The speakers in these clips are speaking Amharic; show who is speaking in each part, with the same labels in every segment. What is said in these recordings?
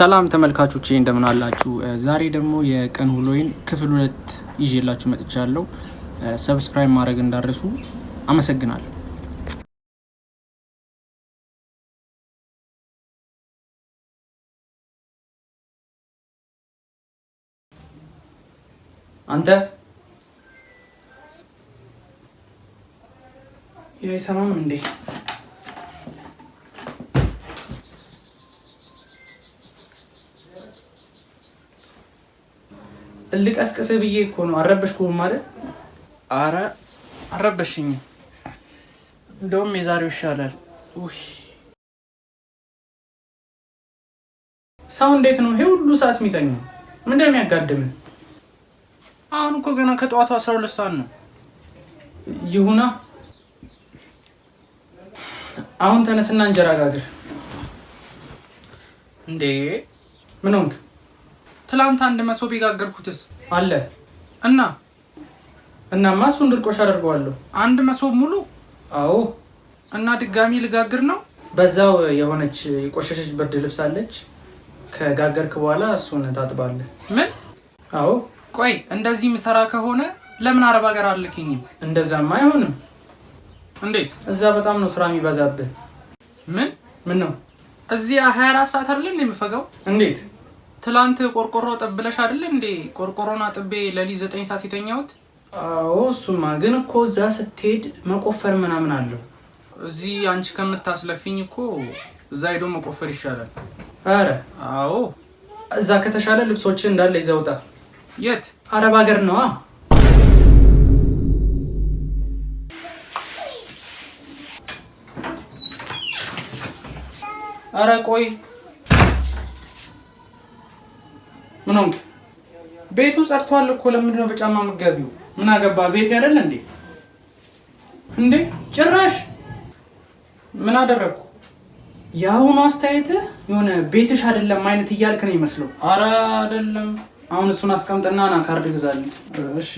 Speaker 1: ሰላም ተመልካቾቼ እንደምን አላችሁ? ዛሬ ደግሞ የቀን ውሎዬን ክፍል ሁለት ይዤላችሁ መጥቻለሁ። ሰብስክራይብ ማድረግ እንዳረሱ አመሰግናለሁ። አንተ ይህ እንዴ? ልቀስቅስህ ብዬ እኮ ነው። አረበሽኩም ማለት አረ አረበሽኝ። እንደውም የዛሬው ይሻላል። ሰው እንዴት ነው ይሄ ሁሉ ሰዓት የሚተኛው? ምንድን ነው አሁን እኮ ገና ከጠዋቱ አስራ ሁለት ሰዓት ነው። ይሁና አሁን ተነስና እንጀራ ጋግር። እንዴ ምን ሆንክ? ትላንት አንድ መሶብ የጋገርኩትስ አለ እና
Speaker 2: እናማ እሱን ድርቆሽ አደርገዋለሁ።
Speaker 1: አንድ መሶብ ሙሉ? አዎ። እና ድጋሚ ልጋግር ነው።
Speaker 2: በዛው የሆነች የቆሸሸች ብርድ ልብስ አለች። ከጋገርክ በኋላ እሱን ታጥባለህ። ምን? አዎ።
Speaker 1: ቆይ እንደዚህ ምሰራ ከሆነ ለምን አረብ ሀገር አልክኝም?
Speaker 2: እንደዛማ አይሆንም። እንዴት? እዛ በጣም ነው ስራ የሚበዛብህ። ምን ምን ነው?
Speaker 1: እዚያ 24 ሰዓት አይደለም የምፈገው። እንዴት ትላንት ቆርቆሮ ጠብለሽ አይደል እንዴ? ቆርቆሮና ጥቤ ለሊ ዘጠኝ ሰዓት የተኛሁት።
Speaker 2: አዎ እሱማ ግን እኮ እዛ ስትሄድ መቆፈር ምናምን አለው። እዚህ አንቺ ከምታስለፊኝ እኮ እዛ ሄዶ መቆፈር ይሻላል። አረ አዎ፣
Speaker 1: እዛ ከተሻለ ልብሶችን እንዳለ ይዘውጣ። የት? አረብ ሀገር ነዋ። አረ ቆይ ምን ሆንክ? ቤቱ ጸድቷል እኮ ለምንድነው በጫማ የምትገቢው? ምን አገባ? ቤት አይደል እንዴ? እንዴ ጭራሽ ምን አደረግኩ? የአሁኑ አስተያየትህ የሆነ ቤትሽ አይደለም አይነት እያልክ ነው ይመስለው። አረ አይደለም። አሁን እሱን አስቀምጥና ና ካርድ ግዛልኝ። እሺ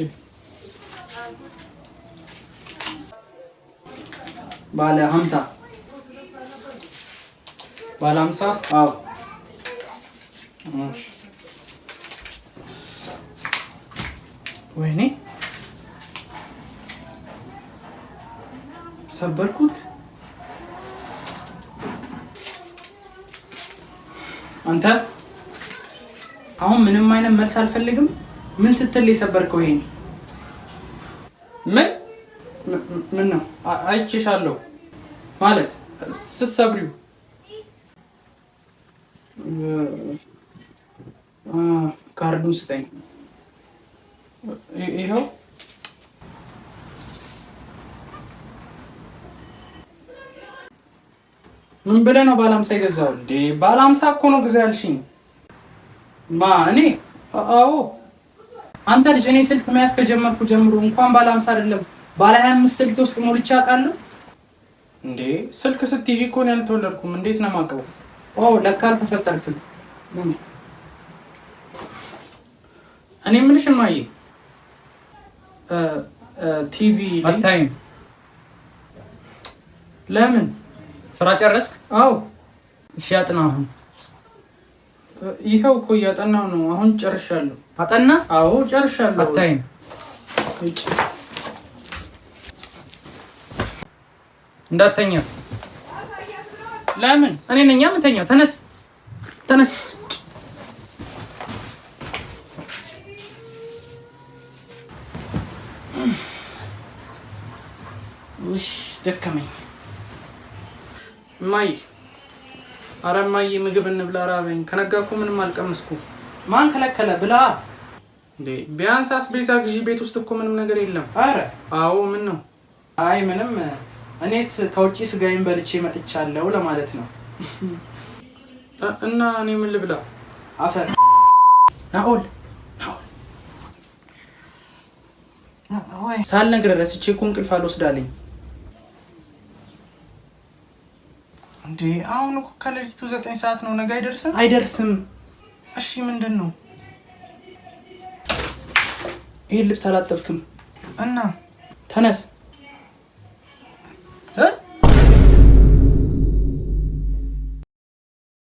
Speaker 1: ባለ ሀምሳ ባለ ሀምሳ አዎ ወይኔ ሰበርኩት። አንተ አሁን ምንም አይነት መልስ አልፈልግም። ምን ስትል የሰበርከው ይሄን? ምን ምን ነው አይቼሻለሁ ማለት ስትሰብሪው ካርዱን ስጠኝ። ይኸው ምን ብለህ ነው ባለ ሀምሳ የገዛው? እንዴ ባለ እኮ ነው ግዛ ያልሽኝ። ማ እኔ? አዎ አንተ ልጅ፣ እኔ ስልክ መያዝ ከጀመርኩ ጀምሮ እንኳን ባለ ሀምሳ አይደለም ባለ ሀያ አምስት ስልክ ውስጥ ሞልቼ አውቃለሁ።
Speaker 2: እንዴ ስልክ ስትይዥ እኮ ነው ያልተወለድኩም። እንዴት ነው የማውቀው?
Speaker 1: ኦ ለካ አልተፈጠርክም። እኔ የምልሽ እማዬ ቲቪ አታይም? ለምን ስራ ጨረስክ? አዎ።
Speaker 2: እሺ አጥና። አሁን
Speaker 1: ይኸው እኮ እያጠናሁ ነው። አሁን ጨርሻለሁ። አጠና? አዎ ጨርሻለሁ።
Speaker 2: አታይም? እንዳተኛ።
Speaker 1: ለምን? እኔ ነኝ የምተኛው። ተነስ፣ ተነስ ውሽ ደከመኝ። እማዬ አረ እማዬ ምግብ እንብላ ራበኝ። ከነጋኩ ምንም አልቀመስኩ።
Speaker 2: ማን ከለከለ? ብላ
Speaker 1: እንዴ ቢያንስ አስቤዛ ግዢ። ቤት ውስጥ እኮ ምንም ነገር የለም። አረ አዎ። ምን ነው?
Speaker 2: አይ ምንም። እኔስ ከውጭ ስጋዬን በልቼ መጥቻለሁ ለማለት ነው።
Speaker 1: እና እኔ ምን ልብላ? አፈር ናኦል
Speaker 2: ሳልነግርህ ረስቼ እኮ እንቅልፍ አልወስዳለኝ።
Speaker 1: እንዴ አሁን እኮ ከሌሊቱ ዘጠኝ ሰዓት ነው። ነገ አይደርስም አይደርስም። እሺ ምንድን ነው?
Speaker 2: ይህን ልብስ አላጠብክም እና ተነስ